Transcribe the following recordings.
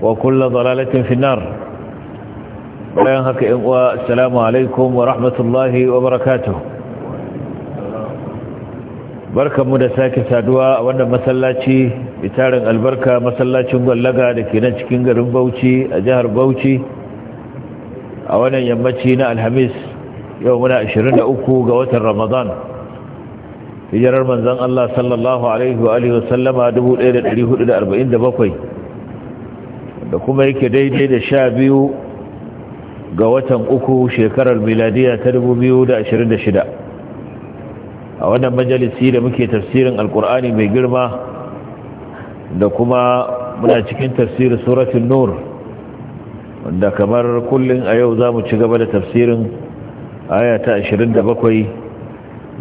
wa kulla dalalatin finnar bayan haka in uwa assalamu alaikum wa rahmatullahi wa barakatuh barkamu da sake saduwa a wannan masallaci bitarin albarka masallacin gwallaga da ke nan cikin garin Bauchi a jihar Bauchi a wannan yammaci na Alhamis yau muna 23 ga watan Ramadan hijirar manzon Allah sallallahu alaihi wa alihi wa sallama 1447 da kuma yake daidai da sha biyu ga watan uku shekarar miladiya ta shida. a wannan majalisi da muke tafsirin alkur'ani mai girma da kuma muna cikin tafsirin suratun nur wanda kamar kullum a yau za mu ci gaba da tafsirin aya ta bakwai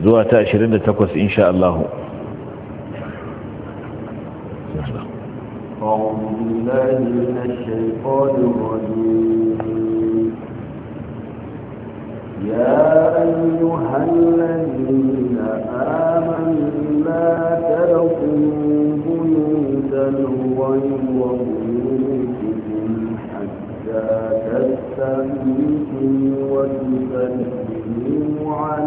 zuwa ta 28 insha Allah. بالله من الشيطان الرجيم يا أيها الذين آمنوا لا تلقوا بيوتا غير بيوتكم حتى تستميتم وتسلموا على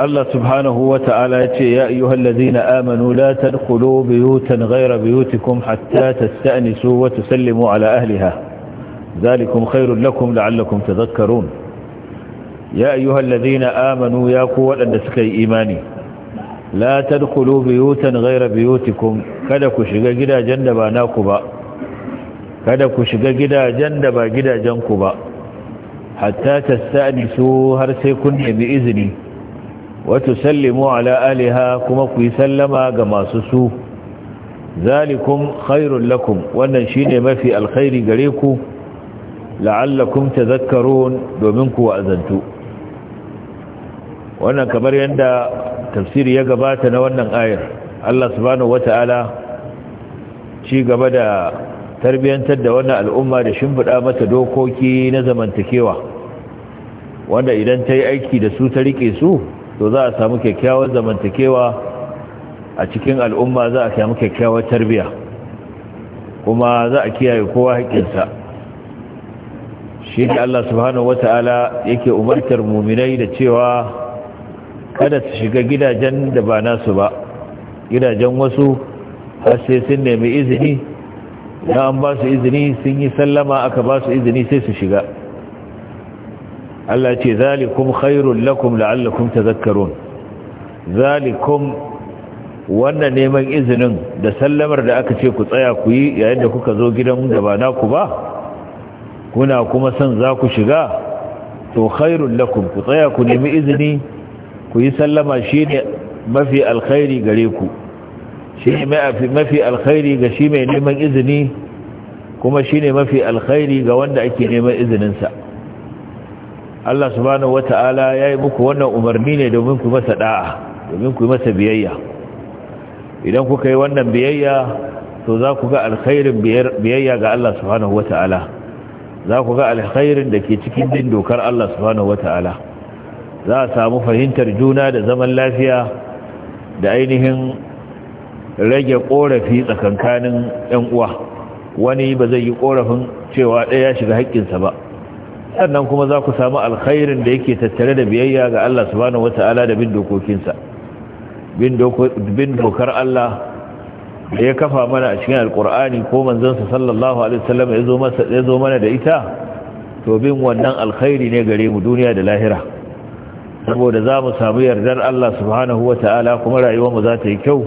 الله سبحانه وتعالى يا أيها الذين آمنوا لا تدخلوا بيوتا غير بيوتكم حتى تستأنسوا وتسلموا على أهلها ذلكم خير لكم لعلكم تذكرون يا أيها الذين آمنوا يا قوة أن تسكي إيماني la tadkhulu buyutan ghayra buyutikum kada ku shiga gidajen da ba naku ba kada ku shiga gidajen da ba gidajen ku ba hatta tasta'nisu har sai kun nemi izini wa tusallimu ala aliha kuma ku sallama ga masu su zalikum khairul lakum wannan shine mafi alkhairi gare ku la'allakum tadhakkarun domin ku azantu wannan kamar yanda tafsiri ya gabata na wannan ayar Allah subhanahu wata'ala ci gaba da tarbiyyantar da wannan al'umma da shimfiɗa mata dokoki na zamantakewa wanda idan ta yi aiki da su ta rike su to za a samu kyakkyawar zamantakewa a cikin al'umma za a samu kyakkyawar tarbiyya? kuma za a kiyaye kowa haƙƙinsa shi ne Allah subhanahu wata'ala yake umartar muminai da cewa kada su shiga gidajen da ba nasu ba gidajen wasu har sai sun nemi izini na an ba su izini sun yi sallama aka ba su izini sai su shiga Allah ce zalikum khairul lakum la'allakum tadhakkarun zalikum wannan neman izinin da sallamar da aka ce ku tsaya ku yi yayin da kuka zo gidan da ba naku ba kuna kuma son za ku shiga to khairul lakum ku tsaya ku nemi izini ku yi sallama shi ne mafi alkhairi gare ku shi ne mafi alkhairi ga shi mai neman izini kuma shi ne mafi alkhairi ga wanda ake neman izininsa Allah subhanahu wata'ala ya yi muku wannan umarni ne domin ku masa da'a domin ku masa biyayya idan kuka yi wannan biyayya to za ku ga alkhairin biyayya ga Allah subhanahu wata'ala za ku ga alkhairin da ke cikin din dokar Allah subhanahu wata'ala za a samu fahimtar juna da zaman lafiya da ainihin rage korafi tsakankanin 'yan uwa wani ba zai yi korafin cewa ɗaya ya shiga haƙƙinsa ba sannan kuma za ku samu alkhairin da yake tattare da biyayya ga Allah subhanahu wata'ala da bin dokokinsa bin dokar Allah da ya kafa mana a cikin alkur'ani ko manzansa sallallahu alaihi wasallam ya zo mana da ita to bin wannan alkhairi ne gare mu duniya da lahira saboda za mu samu yardar Allah subhanahu wa ta'ala kuma rayuwarmu za ta yi kyau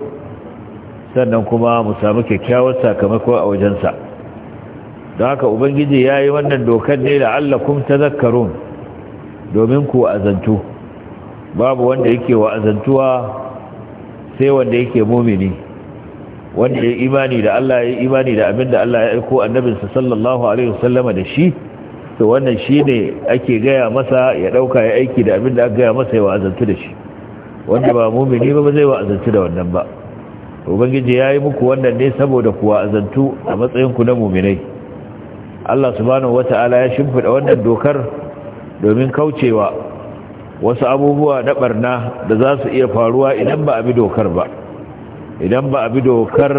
sannan kuma mu samu kyakkyawar sakamako a wajensa don haka ubangiji ya yi wannan dokar ne da Allah kum ta zakarun domin ku azantu babu wanda yake wa azantuwa sai wanda yake mumini wanda ya imani da Allah ya imani da abinda da Allah ya aiko annabinsa sallallahu alaihi wasallama da shi to wannan shi ne ake gaya masa ya ɗauka ya aiki da abin da aka gaya masa ya wa'azantu da shi wanda ba mumini ba zai wa'azantu da wannan ba ubangiji ya yi muku wannan ne saboda ku wa'azantu a matsayinku na muminai Allah subhanahu wata'ala ya shimfida wannan dokar domin kaucewa wasu abubuwa na barna da za su iya faruwa idan ba a bi dokar ba idan ba a bi dokar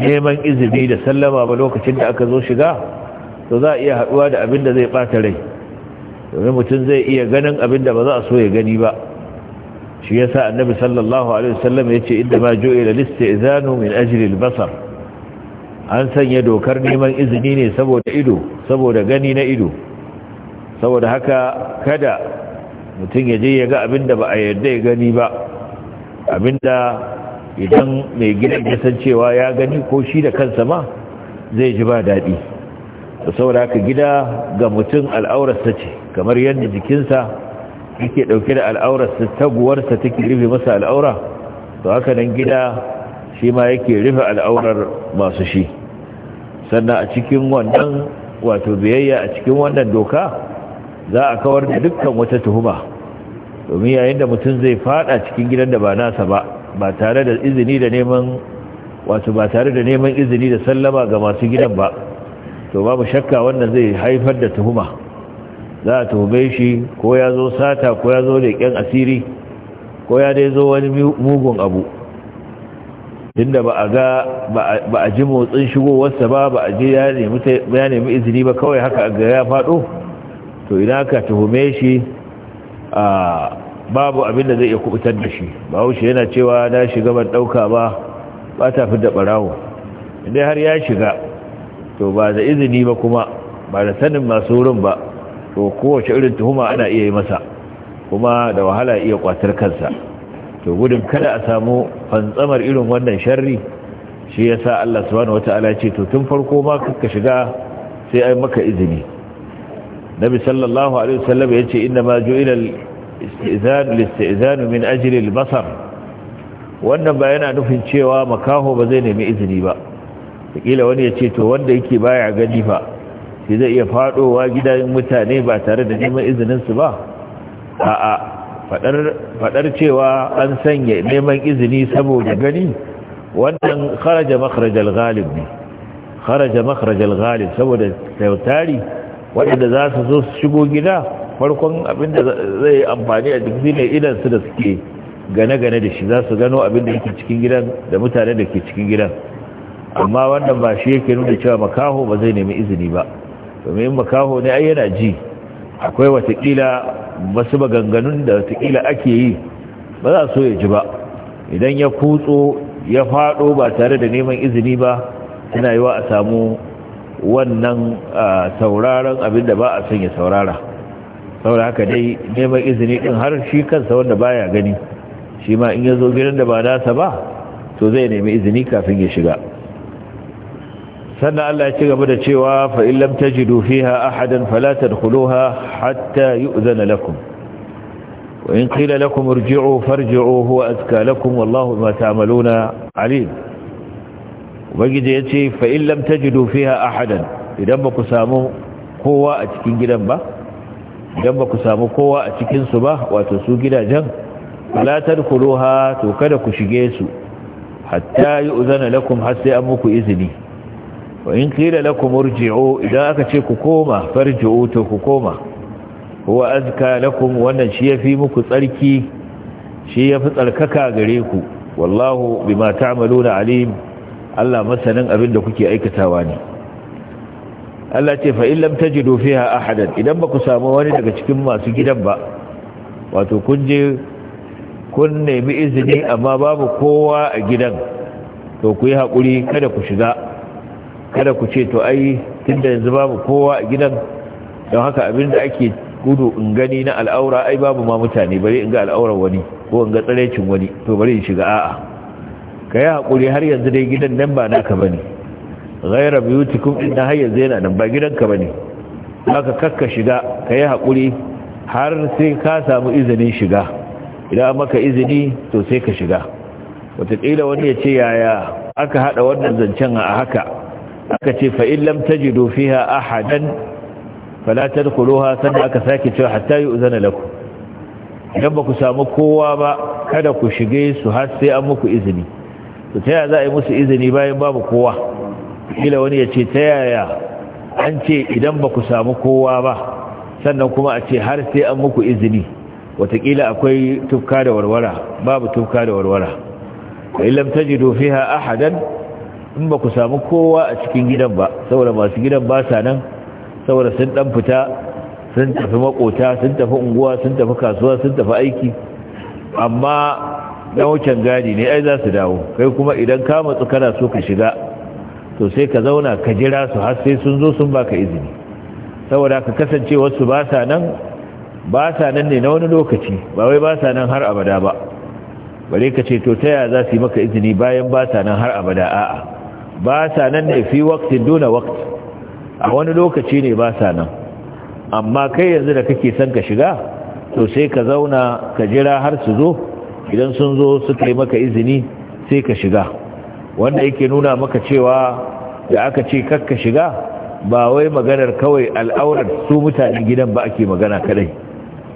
neman izini da sallama ba lokacin da aka zo shiga to za a iya haɗuwa da abin da zai ɓata rai domin mutum zai iya ganin abin da ba za a so ya gani ba shi yasa annabi sallallahu alaihi wasallam ya ce inda ma jo'ila listizanu min ajli basar an sanya dokar neman izini ne saboda ido saboda gani na ido saboda haka kada mutum ya je ya ga abin da ba a yarda ya gani ba abin da idan mai gidan ya san cewa ya gani ko shi da kansa ma zai ji ba daɗi da saboda haka gida ga mutum al'aurarsa ce kamar yadda jikinsa yake ɗauke da al'aurarsa taguwarsa take rufe masa al'aura to haka nan gida shi ma yake rufe al'aurar masu shi sannan a cikin wannan wato biyayya a cikin wannan doka za a kawar da dukkan wata tuhuma domin yayin da mutum zai fada cikin gidan da ba nasa ba ba tare da izini da neman wato ba tare da neman izini da sallama ga masu gidan ba to babu shakka wannan zai haifar da tuhuma za a tuhume shi ko ya zo sata ko ya zo leƙen asiri ko ya dai zo wani mugun abu tunda ba a ga ba a ji motsin shigowarsa ba ba a ji ya nemi izini ba kawai haka ga ya faɗo to ina ka tuhume shi babu abin da zai iya kubutar da shi ba haushe yana cewa na shiga ban ɗauka ba ba ta fi da ɓarawo inda har ya shiga to ba da izini ba kuma ba da sanin masu wurin ba to kowace irin tuhuma ana iya yi masa kuma da wahala iya kwatar kansa to gudun kada a samu fantsamar irin wannan sharri shi yasa Allah subhanahu wataala ce to tun farko ma ka shiga sai ai maka izini nabi sallallahu alaihi wasallam yace inna ma ju'ila al-istizan lil-istizan min ajli al-basar wannan ba yana nufin cewa makaho ba zai nemi izini ba kila wani ya ce to wanda yake baya gani fa shi zai iya fadowa gidan mutane ba tare da neman izinin su ba a'a fadar cewa an sanya neman izini saboda gani wannan kharaja makharajal ghalib ne kharaja makharajal ghalib saboda tautari wanda za su zo su shigo gida farkon abin da zai amfani a jikin ne idan su da suke gane-gane da shi za su gano abin da yake cikin gidan da mutane da ke cikin gidan amma wannan ba shi yake nuna cewa makaho ba zai nemi izini ba domin makaho ne ai yana ji akwai watakila masu maganganun da watakila ake yi ba za so ya ji ba idan ya kutso ya fado ba tare da neman izini ba suna yi wa a samu wannan sauraron abin da ba a son ya saurara saboda haka dai neman izini din har shi kansa wanda ba ya gani shi ma in ya zo gidan da ba nasa ba to zai nemi izini kafin ya shiga sannan Allah ya ci gaba da cewa fa in ji tajidu ha ahadan fala tadkhuluha hatta yu'zana lakum wa in qila lakum irji'u farji'u huwa azka lakum wallahu ma ta'maluna alim ya ce fa in ji tajidu ha ahadan idan ba ku samu kowa a cikin gidan ba idan ba ku samu kowa a cikin su ba wato su gidajen fala tadkhuluha to kada ku shige su hatta yu'zana lakum har sai an muku izini wa in lakum urji'u idan aka ce ku koma farji'u to ku koma huwa azka lakum wannan shi yafi muku tsarki shi yafi tsarkaka gare ku wallahu bima ta'maluna alim Allah masanin abin da kuke aikatawa ne Allah ce fa in tajidu fiha ahadan idan ba ku samu wani daga cikin masu gidan ba wato kun je kun nemi izini amma babu kowa a gidan to ku yi haƙuri kada ku shiga kada ku ce to ai tunda yanzu babu kowa a gidan don haka abin da ake gudu in gani na al'aura ai babu ma mutane bari in ga al'aurar wani ko in ga tsarecin wani to bari in shiga a'a ka yi haƙuri har yanzu dai gidan nan ba naka bane ghaira biyutikum din har yanzu yana nan ba gidanka bane haka kakka shiga ka yi haƙuri har sai ka samu izinin shiga idan maka izini to sai ka shiga wataƙila wani ya ce yaya aka haɗa wannan zancen a haka aka ce fa'in lam ta fiha ahadan falatar kuloha sannan aka sake cewa hatta yi uzana laku idan ba ku samu kowa ba kada ku shige su har sai an muku izini to ta yaya za a yi musu izini bayan babu kowa kila wani ya ce ta yaya an ce idan ba ku samu kowa ba sannan kuma a ce har sai an muku izini watakila akwai tufka da warwara babu tufka da warwara illam tajidu fiha ahadan in ba ku samu kowa a cikin gidan ba saboda masu gidan ba sa nan saboda sun dan fita sun tafi makota sun tafi unguwa sun tafi kasuwa sun tafi aiki amma na wucin gadi ne ai za su dawo kai kuma idan ka matsu kana so ka shiga to sai ka zauna ka jira su har sai sun zo sun baka izini saboda ka kasance wasu ba sa nan ba sa nan ne na wani lokaci ba wai ba sa nan har abada ba bare ka ce to ta yaya za su yi maka izini bayan ba sa nan har abada a'a ba sa nan ne fi waktin duna wakti a wani lokaci ne ba sa nan amma kai yanzu da kake son ka shiga to sai ka zauna ka jira har su zo idan sun zo suka yi maka izini sai ka shiga wanda yake nuna maka cewa da aka ce kakka shiga ba wai maganar kawai al'aurar su mutane gidan ba ake magana kadai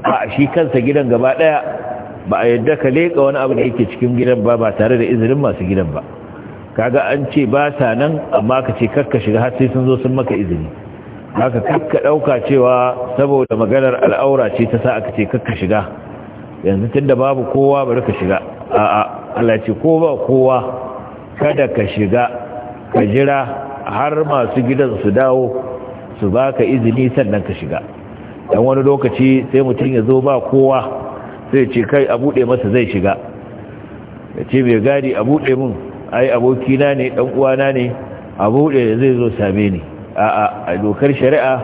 a shi kansa gidan gaba daya ba a yadda ka leƙa wani abu da yake cikin gidan ba ba tare da izinin masu gidan ba kaga an ce ba sa nan amma ka ce karka shiga har sai sun zo sun maka izini haka karka ɗauka cewa saboda maganar al'aura ce ta sa aka ce karka shiga yanzu tunda babu kowa bari ka shiga a'a Allah ce ko ba kowa kada ka shiga ka jira har masu gidan su dawo su baka izini sannan ka shiga dan wani lokaci sai mutum ya zo ba kowa sai ce kai a bude masa zai shiga ya ce mai gadi a bude mun ai abokina ne dan uwana ne a da zai zo same ni a'a a dokar shari'a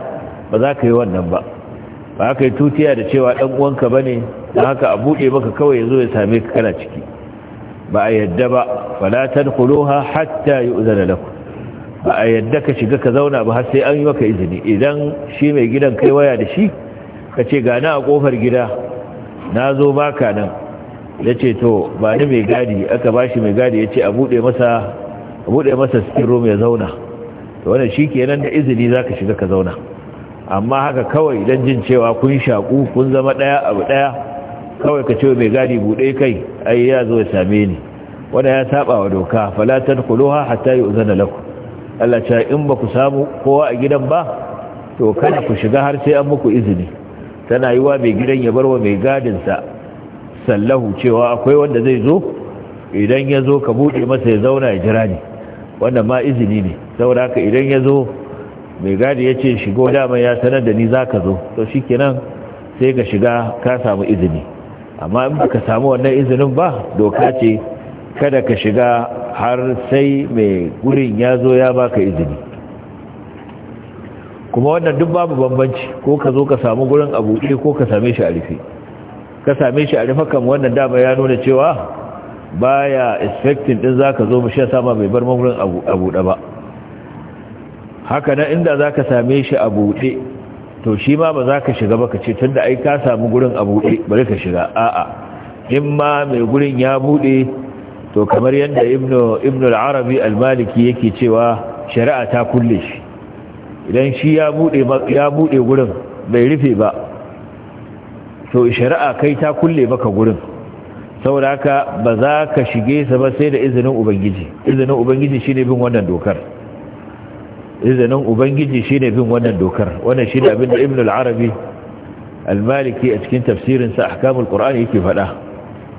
ba za ka yi wannan ba ba ka yi tutiya da cewa dan uwanka bane dan haka a buɗe maka kawai yazo zo ya same ka kana ciki ba a yadda ba fala tadkhuluha hatta yu'zana lakum ba a yadda ka shiga ka zauna ba har sai an yi maka izini idan shi mai gidan kai waya da shi ka ce gana a kofar gida na zo baka nan ya ce to ba ni mai gadi aka ba shi mai gadi ya ce a buɗe masa cikin room ya zauna wannan shi kenan da izini za ka shiga ka zauna amma haka kawai don jin cewa kun shaku kun zama ɗaya abu ɗaya kawai ka ce mai gadi buɗe kai ai ya zo ya same ni wanda ya saba wa doka falatar kuluha hatta yi uzana laku Allah in ba ku samu kowa a gidan ba to kada ku shiga har sai an muku izini tana yi mai gidan ya bar wa mai gadinsa sallahu cewa akwai wanda zai zo idan ya zo ka buɗe masa ya zauna ya jira ni wannan ma izini ne saboda haka idan ya zo mai gadi ya ce shigo dama ya sanar da ni za ka zo to shi kenan sai ka shiga ka samu izini amma in ka samu wannan izinin ba doka ce kada ka shiga har sai mai gurin ya zo ya baka izini kuma wannan duk babu bambanci ko ka zo ka samu gurin a buɗe ko ka same shi a rufe ka same shi a rufakan wannan dama ya nuna cewa baya expecting din zaka zo shi sama bai bar mamurin a buɗe ba haka na inda zaka same shi a buɗe to shi ma ba za ka shiga ba ka ce tunda ai ka samu gurin a buɗe bari ka shiga a'a in ma mai gurin ya buɗe to kamar yadda ibnu al-arabi al-maliki yake cewa shari'a ta kulle shi idan shi ya buɗe gurin bai rufe ba to shari'a kai ta kulle baka gurin saboda haka ba za ka shige sa ba sai da izinin ubangiji izinin ubangiji shine bin wannan dokar izinin ubangiji shine bin wannan dokar wannan shine abin da ibn al-arabi al-maliki a cikin tafsirin sa ahkamul qur'ani yake faɗa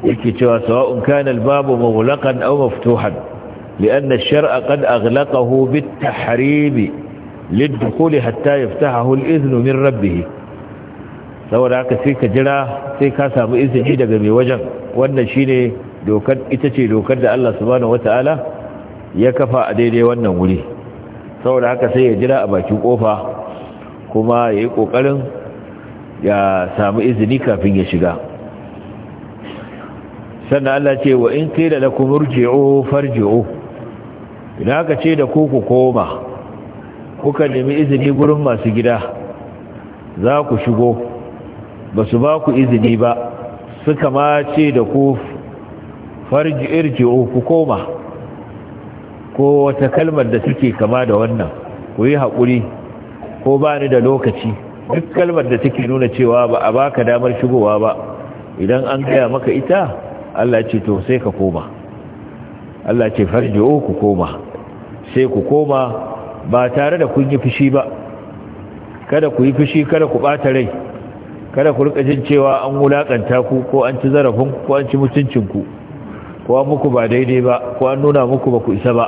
yake cewa sawa'un kana al-babu maghlaqan aw maftuhan لأن الشرع قد أغلقه بالتحريم للدخول حتى يفتحه الإذن من ربه saboda haka sai ka jira sai ka samu izini daga mai wajen wannan shine dokar ita ce dokar da Allah subhanahu wataala ya kafa a daidai wannan wuri saboda haka sai ya jira a bakin kofa kuma ya yi kokarin ya samu izini kafin ya shiga sannan Allah ce wa in qila lakum irji'u farji'u idan aka ce da ku ku koma kuka nemi izini gurin masu gida za ku shigo ba su ba ku izini ba suka ma ce da ku farji irji ku koma ko wata kalmar da suke kama da wannan ku yi haƙuri ko ba ni da lokaci duk kalmar da take nuna cewa ba a baka damar shigowa ba idan an gaya maka ita Allah ce to sai ka koma Allah ce farji'u ku koma sai ku koma ba tare da kun yi fushi ba kada ku yi fushi kada ku ɓata rai kada ku rika jin cewa an wulakanta ku ko an ci zarafin ku ko an ci mutuncin ku ko an muku ba daidai ba ko an nuna muku ba ku isa ba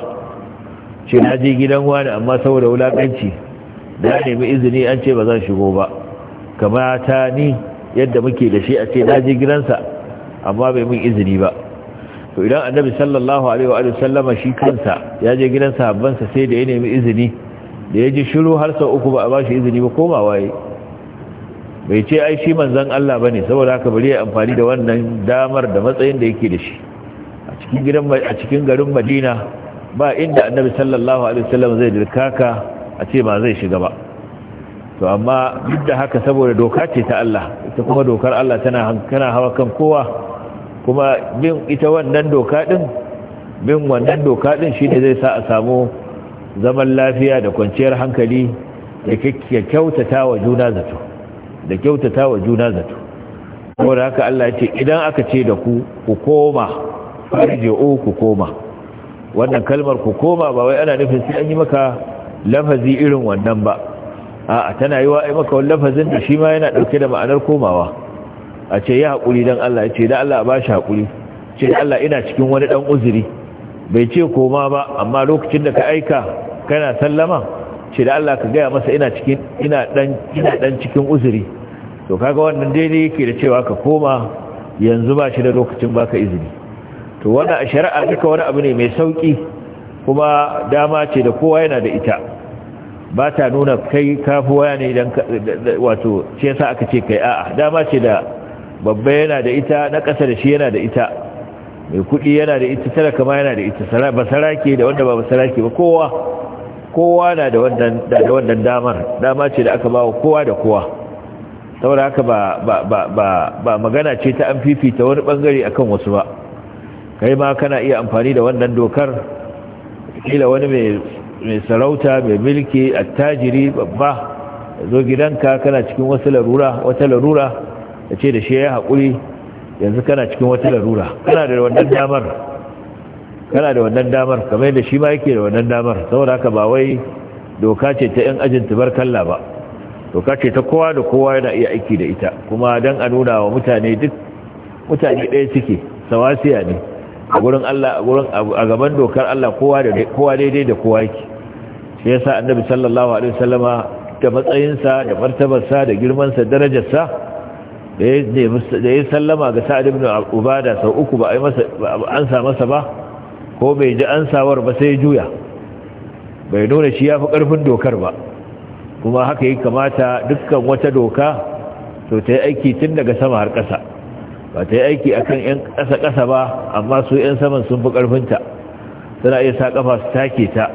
ce na je gidan wani amma saboda wulakanci ya nemi izini an ce ba zan shigo ba kamata ni yadda muke da shi a ce na je gidansa amma bai min izini ba to idan annabi sallallahu alaihi wa sallama shi kansa ya je gidan sa sai da ya nemi izini da ya ji shiru har sau uku ba a ba shi izini ba komawa yayi bai ce ai shi manzan Allah bane saboda haka bari ya amfani da wannan damar da matsayin da yake da shi a cikin garin Madina ba inda Annabi sallallahu alaihi wasallam zai dirkaka a ce ba zai shiga ba to amma duk da haka saboda doka ce ta Allah ita kuma dokar Allah tana kana hawa kan kowa kuma bin ita wannan doka din bin wannan doka din shi ne zai sa a samu zaman lafiya da kwanciyar hankali da kyakkyautata wa juna zato da kyautata wa juna zato saboda haka Allah ya ce idan aka ce da ku ku koma o ku koma wannan kalmar ku koma ba wai ana nufin sai an yi maka lafazi irin wannan ba a'a tana yi wa ai maka wannan lafazin da shi ma yana dauke da ma'anar komawa a ce ya hakuri dan Allah ya ce dan Allah ba shi hakuri ce Allah ina cikin wani dan uzuri bai ce koma ba amma lokacin da ka aika kana sallama ce da Allah ka gaya masa ina cikin ina dan ina dan cikin uzuri to kaga wannan daidai yake da cewa ka koma yanzu ba shi da lokacin baka izini to wannan a shari'a duka wani abu ne mai sauki kuma dama ce da kowa yana da ita ba ta nuna kai kafuwa waya ne idan wato ce yasa aka ce kai a'a dama ce da babba yana da ita na ƙasa da shi yana da ita mai kuɗi yana da ita talaka ma yana da ita basarake da wanda ba basarake ba kowa kowa na da wannan da wannan damar dama ce da aka bawa kowa da kowa saboda haka ba ba ba ba, ba magana ce ta an fifita wani bangare akan wasu ba kai ma kana iya amfani da wannan dokar kila wani mai mai sarauta mai milki attajiri babba zo gidanka kana cikin wasu larura wata larura ya ce da shi ya haƙuri yanzu kana cikin wata larura kana da wannan damar kana da wannan damar kamar da shi ma yake da wannan damar saboda haka ba wai doka ce ta 'yan ajin kalla ba doka ce ta kowa da kowa yana iya aiki da ita kuma don a nuna wa mutane duk mutane ɗaya suke sawasiya ne a gurin Allah a gaban dokar Allah kowa daidai da kowa yake shi yasa annabi sallallahu alaihi wasallama da matsayinsa da martabarsa da girmansa darajarsa da ya sallama ga sa'ad ibn ubada sau uku ba an sa masa ba ko bai ji ansawar ba sai juya bai nuna shi ya fi ƙarfin dokar ba kuma haka yi kamata dukkan wata doka to ta yi aiki tun daga sama har ƙasa ba ta yi aiki a kan 'yan ƙasa-ƙasa ba amma su 'yan saman sun fi ƙarfinta suna iya sa ƙafa su take ta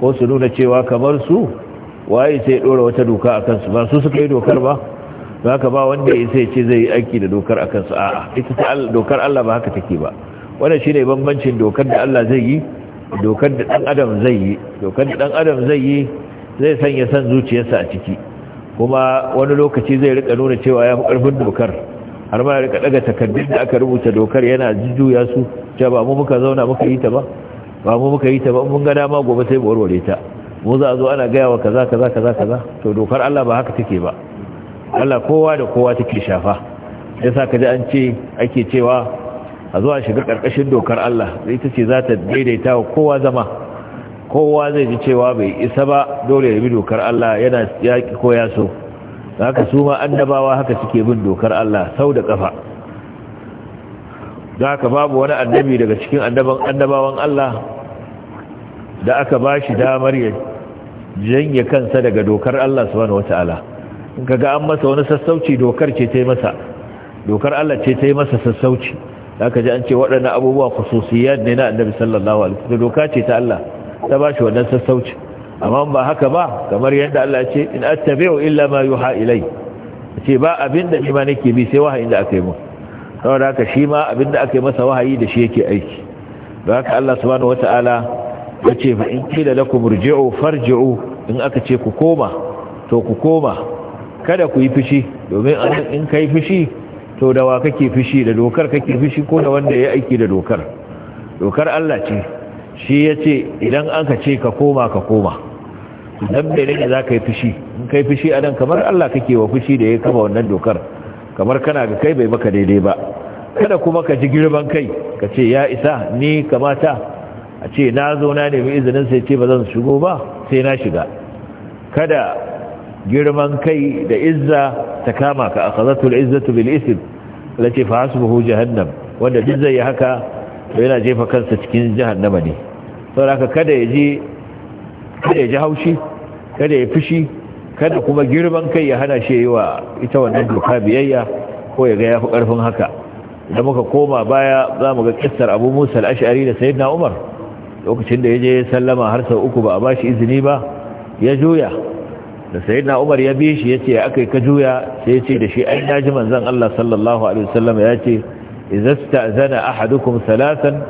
ko su nuna cewa kamar su waye sai ɗora wata doka a kansu ba su suka yi dokar ba za ka ba wanda ya sai ce zai yi aiki da dokar a kansu a'a ita ta dokar allah ba haka take ba shi shine bambancin dokar da Allah zai yi dokar da dan adam zai yi dokar da dan adam zai yi zai sanya san zuciyarsa a ciki kuma wani lokaci zai rika nuna cewa ya fi karfin dokar har ma rika daga takardun da aka rubuta dokar yana juya su cewa ba mu muka zauna muka yi ta ba ba mu muka yi ta ba mun gada ma gobe sai mu warware ta mu za a zo ana gaya wa kaza kaza kaza kaza to dokar Allah ba haka take ba Allah kowa da kowa take shafa yasa kaji an ce ake cewa a zuwa shiga karkashin dokar Allah ita ce za ta daidaita wa kowa zama kowa zai ji cewa bai isa ba dole ya bi dokar Allah yana yaƙi ko ya so haka su ma annabawa haka suke bin dokar Allah sau da ƙafa za ka babu wani annabi daga cikin annabawan Allah da aka ba shi damar ya janye kansa daga dokar Allah subhanahu wata'ala in ga an masa wani sassauci dokar ce ta yi masa dokar Allah ce ta yi masa sassauci zaka ji an ce waɗannan abubuwa khususiyat ne na annabi sallallahu alaihi wasallam doka ce ta Allah ta bashi wannan sassauci amma ba haka ba kamar yadda Allah ya ce in attabi'u illa ma yuha ilai ce ba abinda ni ma nake bi sai wahayin da aka yi mu saboda haka shi ma abinda aka masa wahayi da shi yake aiki don haka Allah subhanahu wataala ya ce fa in qila lakum irji'u farji'u in aka ce ku koma to ku koma kada ku yi fushi domin in kai fushi to da wa kake fishi da dokar kake fishi ko da wanda ya aiki da dokar dokar Allah ce shi ya ce idan an ka ce ka koma ka koma dan bai rage za ka yi fishi in kai fishi a kamar Allah kake wa fishi da ya kama wannan dokar kamar kana ga kai bai maka daidai ba kada kuma ka ji girman kai ka ce ya isa ni kamata a ce na zo na nemi izinin sai ce ba zan shigo ba sai na shiga kada girman kai da izza ta kama ka akhadhatul izzatu bil ism lati fa buhu jahannam wanda duk zai haka to yana jefa kansa cikin jihar ne saboda kada ya ji kada ya ji haushi kada ya fushi kada kuma girman kai ya hana shi yi wa ita wannan doka biyayya ko ya ga ya fi ƙarfin haka da muka koma baya za mu ga kissar abu musa al'ashari da sayidina umar lokacin da ya je sallama har sau uku ba a ba shi izini ba ya juya da na Umar ya bi shi yace akai ka juya sai ce da shi ai naji Allah sallallahu alaihi wasallam yace idza sta'zana ahadukum salasan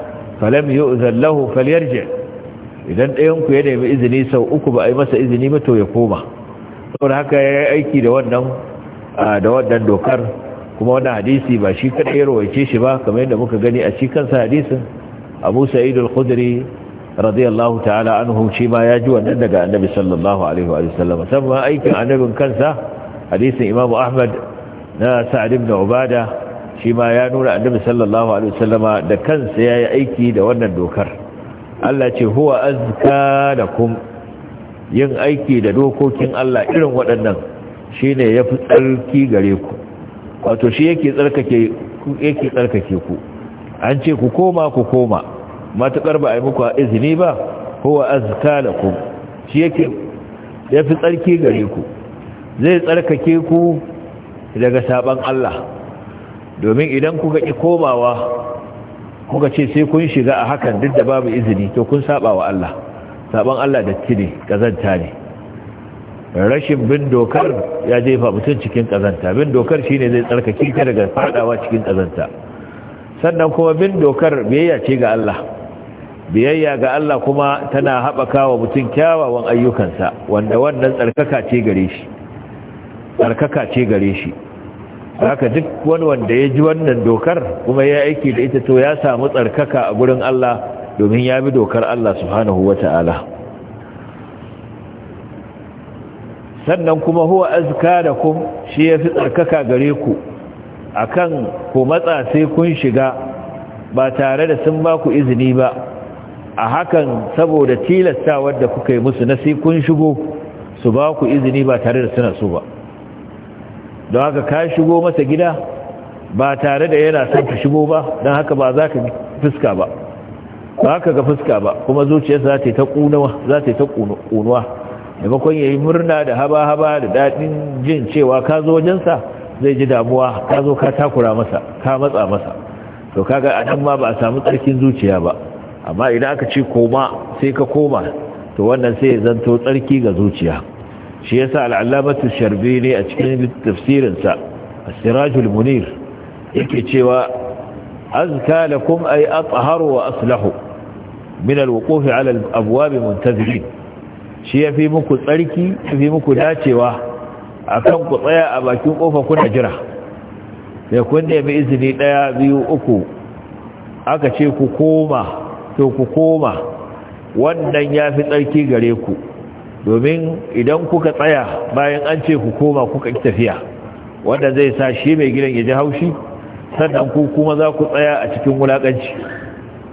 falam yu'zan lahu falyarji idan ɗayanku ya nemi izini sau uku ba a yi masa izini ba to ya koma saboda haka ya yi aiki da wannan da wannan dokar kuma wannan hadisi ba shi kaɗai ya rawaice shi ba kamar yadda muka gani a cikin sa hadisin abu sa'id al-khudri radiyallahu ta'ala anhu shi ma ya ji wannan daga annabi sallallahu alaihi wa sallam musamman aikin annabin kansa hadisin imamu ahmad na sa'ad ibn ubada shi ma ya nuna annabi sallallahu alaihi wa sallam da kansa yayi aiki da wannan dokar Allah ce huwa azka lakum yin aiki da dokokin Allah irin waɗannan shine yafi tsarki gare ku wato shi yake tsarkake yake tsarkake ku an ce ku koma ku koma matukar ba a yi muku izini ba huwa azka ku. shi yake fi tsarki gare ku zai tsarkake ku daga saban Allah domin idan kuka ƙi komawa kuka ce sai kun shiga a hakan duk da babu izini to kun saba wa Allah saban Allah da ne kazanta ne rashin bin dokar ya jefa mutum cikin kazanta bin dokar shine zai tsarkake ka daga fadawa cikin kazanta sannan kuma bin dokar biyayya ce ga Allah biyayya ga Allah kuma tana haɓaka wa mutum kyawawan ayyukansa wanda wannan tsarkaka ce gare shi tsarkaka ce gare shi haka duk wani wanda ya ji wannan dokar kuma ya aiki da ita to ya samu tsarkaka a gurin Allah domin ya bi dokar Allah subhanahu wa ta'ala. sannan kuma huwa azka da kum shi ya fi tsarkaka gare ku akan ku matsa sai kun shiga ba tare da sun ba ku izini ba a hakan saboda tilasta wadda kuka yi musu nasi kun shigo su ba ku izini ba tare da suna so ba don haka ka shigo masa gida ba tare da yana son ka shigo ba don haka ba za ka fuska ba ba ka ga fuska ba kuma zuciya za ta yi ta ƙunuwa maimakon ya yi murna da haba-haba da daɗin jin cewa ka zo wajensa zai ji damuwa ka zo ka takura masa ka matsa masa to kaga a nan ma ba a samu tsarkin zuciya ba amma idan aka ce koma sai ka koma to wannan sai zanto tsarki ga zuciya shi yasa al'alamatu sharbi ne a cikin tafsirinsa as-sirajul munir yake cewa azka lakum ay atharu wa aslahu min al-wuquf ala al muntazirin shi yafi muku tsarki yafi muku dacewa akan ku tsaya a bakin kofa kuna jira sai kun nemi izini daya biyu uku aka ce ku koma to ku koma wannan ya fi tsarki gare ku domin idan kuka tsaya bayan an ce ku koma kuka tafiya wanda zai sa shi mai gidan ya ji haushi sannan ku kuma za ku tsaya a cikin wulaƙanci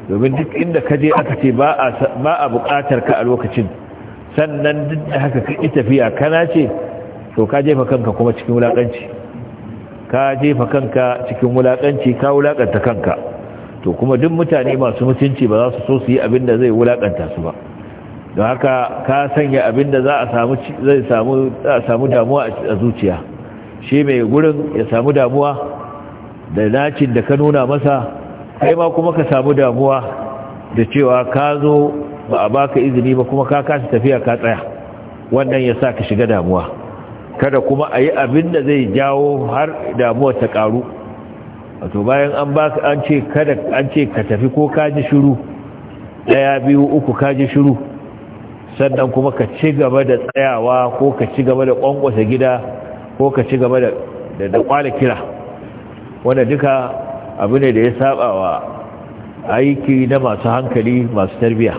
domin duk inda ka je aka ce ba a buƙatar ka a lokacin sannan duk da haka ka tafiya kana ce to ka jefa kanka kuma cikin wulaƙanci ka jefa kanka cikin wulaƙanci ka wulaƙanta kanka to kuma duk mutane masu mutunci ba za su so su yi abin da zai wulakanta su ba don haka ka sanya abin da za a samu zai samu samu damuwa a zuciya shi mai gurin ya samu damuwa da nacin da ka nuna masa kai ma kuma ka samu damuwa da cewa ka zo ba a baka izini ba kuma ka kasa tafiya ka tsaya wannan ya sa ka shiga damuwa kada kuma a yi abin da zai jawo har damuwa ta karu wato bayan an baka an ce ka tafi ko kaji ji shiru daya biyu uku kaji ji shiru sannan kuma ka ci gaba da tsayawa ko ka ci gaba da kwankwasa gida ko ka ci gaba da da kira wanda duka abu ne da ya saba wa aiki na masu hankali masu tarbiya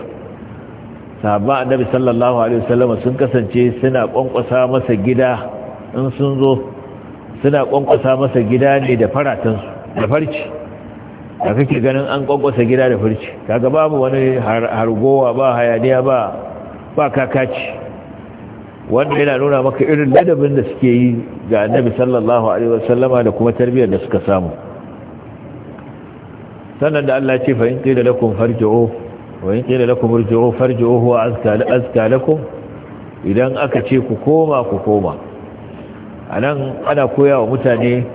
sahabba annabi sallallahu alaihi wasallam sun kasance suna kwankwasa masa gida in sun zo suna kwankwasa masa gida ne da faratansu da farci da kake ganin an kwakwasa gida da farci kaga babu wani hargowa ba hayaniya ba ba kakaci wanda yana nuna maka irin ladabin da suke yi ga annabi sallallahu alaihi wasallama da kuma tarbiyyar da suka samu sannan da Allah ce fa in qila lakum farji'u wa in qila lakum irji'u farji'u huwa azka azka lakum idan aka ce ku koma ku koma anan ana koya wa mutane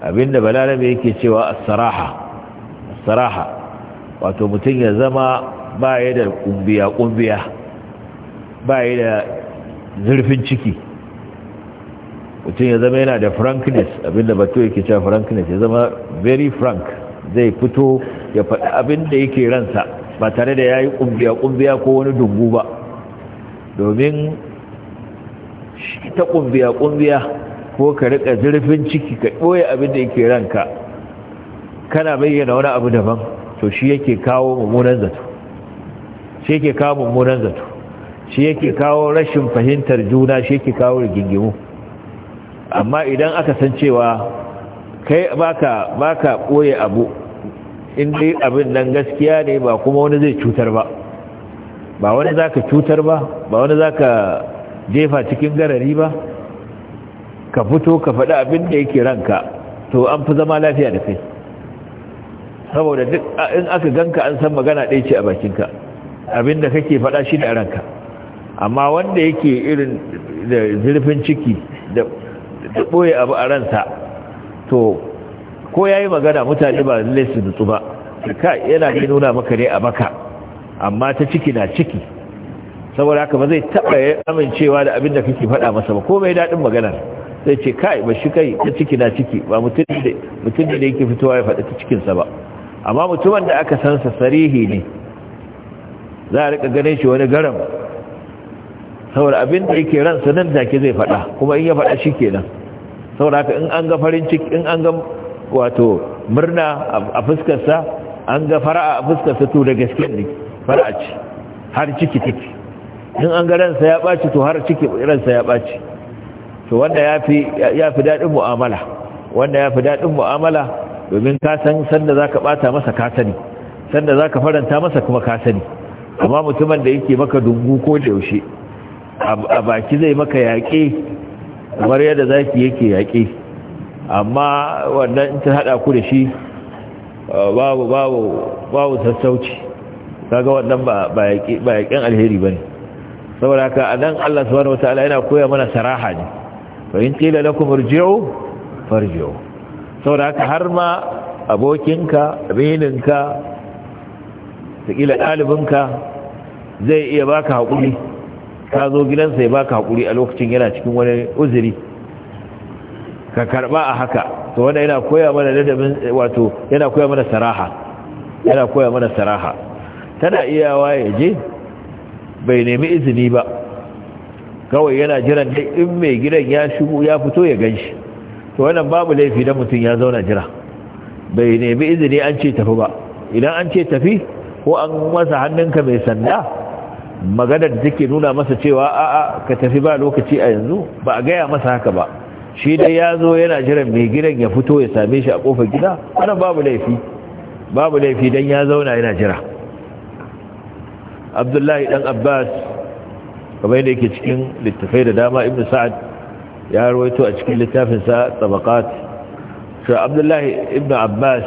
abinda balarabe yake cewa as-saraha wato mutum ya zama baya da kumbiya kumbiya baya da zurfin ciki mutum ya zama yana da frankness abinda bato yake cewa frankness ya zama very frank zai fito ya faɗi abinda yake ransa ba tare da yayi kumbiya kumbiya ko wani dungu ba domin ta kumbiya kumbiya ko ka rika zurfin ciki ka ɓoye abin da yake ranka kana bayyana wani abu daban to shi yake kawo mummunan zato shi yake kawo mummunan zato shi yake kawo rashin fahimtar juna shi yake kawo rigingimu amma idan aka san cewa kai baka baka ɓoye abu in dai abin nan gaskiya ne ba kuma wani zai cutar ba ba wani zaka cutar ba ba wani zaka jefa cikin garari ba ka fito ka faɗi abin da yake ranka to an fi zama lafiya da kai saboda duk in aka ganka an san magana ɗaya ce a bakinka abin da kake faɗa shi da ranka amma wanda yake irin da zurfin ciki da ɓoye abu a ransa to ko ya yi magana mutane ba zai su nutsu ba ka yana ne nuna maka ne a maka amma ta ciki na ciki saboda haka ba zai taɓa amincewa da abin da kake faɗa masa ba ko mai daɗin maganar sai ce kai ba shi kai ta ciki na ciki ba mutum da yake fitowa ya faɗi ta cikinsa ba amma mutumin da aka sansa sarihi ne za a riƙa ganin shi wani garam saboda abin da yake ransa nan da ke zai faɗa kuma in ya faɗa shi kenan saboda in an ga farin ciki in an ga wato murna a fuskarsa an ga fara'a a fuskarsa to da gaske ne fara'a ci har ciki take in an ga ransa ya ɓaci to har ciki ransa ya ɓaci to wanda ya fi daɗin mu'amala wanda ya fi daɗin mu'amala domin ka san sanda za ka ɓata masa kasani sanda za ka faranta masa kuma kasani amma mutumin da yake maka dungu ko da yaushe a baki zai maka yaƙe kamar yadda zaki yake yaƙe amma wannan ta haɗa ku da shi babu babu babu sassauci wannan ba ba yaƙen alheri bane saboda haka anan Allah subhanahu wataala yana koya mana saraha ne fa'in kuma lakum irji'u farji'u saboda haka har ma abokinka amininka sakila ɗalibinka zai iya baka haƙuri ka zo gidansa ya baka haƙuri a lokacin yana cikin wani uzuri ka karɓa a haka to wanda yana koya mana ladabin wato yana koya mana saraha yana koya mana saraha tana iyawa ya je bai nemi izini ba kawai yana jiran dai in mai gidan ya shigo ya fito ya gan shi to wannan babu laifi da mutum ya zauna jira bai nemi izini an ce tafi ba idan an ce tafi ko an masa hannunka mai sanda maganar da take nuna masa cewa a'a ka tafi ba lokaci a yanzu ba a gaya masa haka ba shi dai ya zo yana jiran mai gidan ya fito ya same shi a kofar gida wannan babu laifi babu laifi don ya zauna yana jira abdullahi dan abbas kamar yadda yake cikin littafai da dama ibn sa'ad ya ruwaito a cikin littafin sa tabaqat shi abdullahi ibn abbas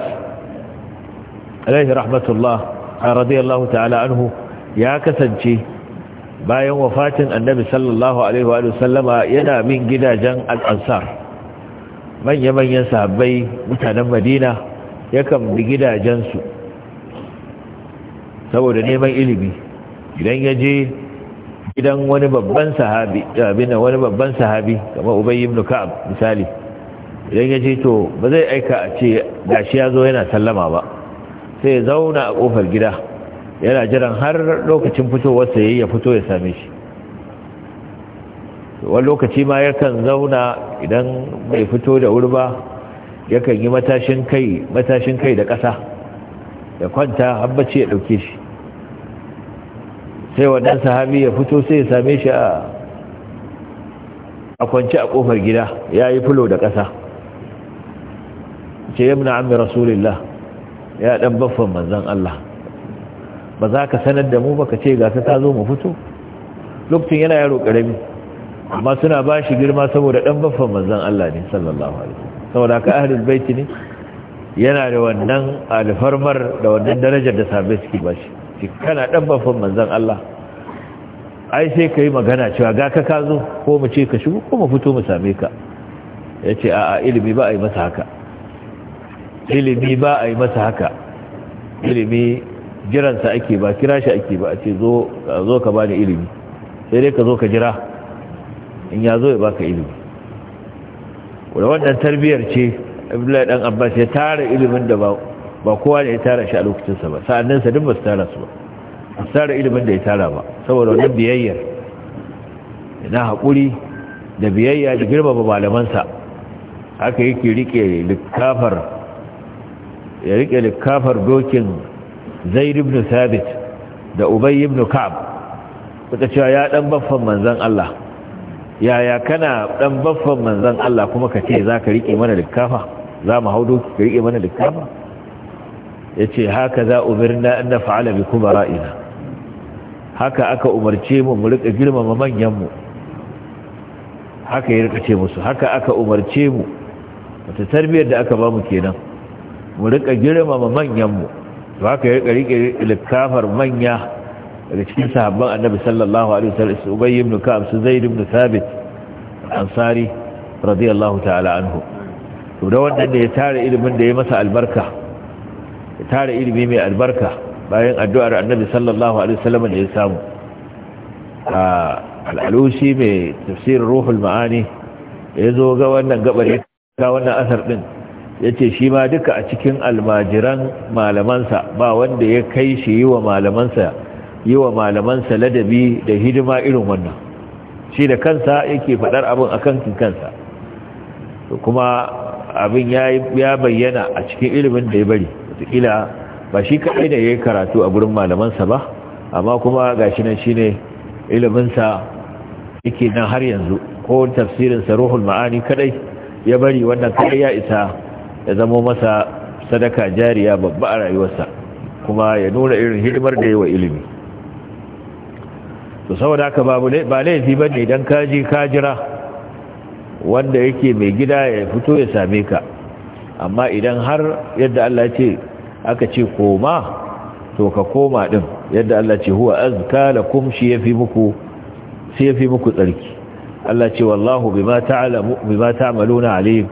alaihi rahmatullah radiyallahu ta'ala anhu ya kasance bayan wafatin annabi sallallahu alaihi wa sallama yana min gidajen al-ansar manya-manyan sahabbai mutanen madina yakan bi gidajensu saboda neman ilimi idan ya je Idan wani babban sahabi abin wani babban sahabi kamar ubay ibn ka'ab misali idan ya ce to ba zai aika a ce gashi ya zo yana sallama ba sai ya zauna a kofar gida yana jiran har lokacin fitowar sa yayi ya fito ya same shi to wani lokaci ma yakan zauna idan bai fito da wuri ba yakan yi matashin kai matashin kai da ƙasa ya kwanta har bacci ya dauke shi sai wannan sahabi ya fito sai ya same shi a kwanci a kofar gida ya yi fulo da ƙasa ce yamna ammi rasulillah ya ɗan baffan manzan Allah ba za ka sanar da mu ba ka ce gasa ta zo mu fito lokacin yana yaro ƙarami amma suna ba shi girma saboda ɗan baffan manzan Allah ne sallallahu alaihi saboda ka ahlul baiti ne yana da wannan alfarmar da wannan darajar da sabai suke ba shi ce kana dan babban manzon Allah ai sai kai magana cewa ga ka ka zo ko mu ce ka shigo ko mu fito mu same ka yace a a ilimi ba a yi masa haka ilimi ba a yi masa haka ilimi jiransa ake ba kira shi ake ba a ce zo zo ka bani ilimi sai dai ka zo ka jira in ya zo ya baka ilimi wannan tarbiyar ce abdullahi dan abbas ya tara ilimin da ba ba kowa ne ya tara shi a lokacinsa ba sa'annan sa duk ba su tara su ba ba su tara ilimin da ya tara ba saboda wani biyayyar na haƙuri da biyayya da girmama malamansa haka yake rike likafar ya rike likafar dokin Zair, ibn sabit da ubay ibn ka'ab suka cewa ya ɗan baffan manzan Allah yaya kana ɗan baffan manzon Allah kuma ka ce ka rike mana likafa za mu hau doki ka rike mana likafa ya ce haka za umarna an na fa'ala bi kuma ra'ina haka aka umarce mu mu rika girmama manyanmu haka ya rika ce musu haka aka umarce mu wata tarbiyyar da aka ba mu kenan mu rika girmama manyanmu to haka ya rika rike likkafar manya daga cikin sahabban annabi sallallahu alaihi wasallam su ubayy ibn ka'ab su zaid ibn thabit ansari radiyallahu ta'ala anhu to da wannan da ya tare ilimin da ya masa albarka Tare ilimi mai albarka bayan addu'ar annabi sallallahu alaihi wasallam da ya samu a al'alusi mai tafsirin ruhul ma'ani ya zo ga wannan gabar ya ta wannan asar ɗin ya ce shi ma duka a cikin almajiran malamansa ba wanda ya kai shi yi wa malamansa yi wa malamansa ladabi da hidima irin wannan shi da kansa yake faɗar abin a kankin kansa kuma abin ya bayyana a cikin ilimin da ya bari wataƙila ba shi kaɗai da ya yi karatu a gurin malamansa ba amma kuma ga shi nan shi ne iliminsa yake nan har yanzu ko tafsirinsa ruhul ma'ani kaɗai ya bari wannan kaɗai ya isa ya zamo masa sadaka jariya babba a rayuwarsa kuma ya nuna irin hidimar da yawa wa ilimi to saboda haka ba laifi ba ne idan kaji kajira wanda yake mai gida ya fito ya same ka amma idan har yadda Allah ce aka ce koma to ka koma din yadda Allah ce huwa azka lakum shi yafi muku sai yafi muku tsarki Allah ce wallahu bima ta'lamu bima ta'maluna alim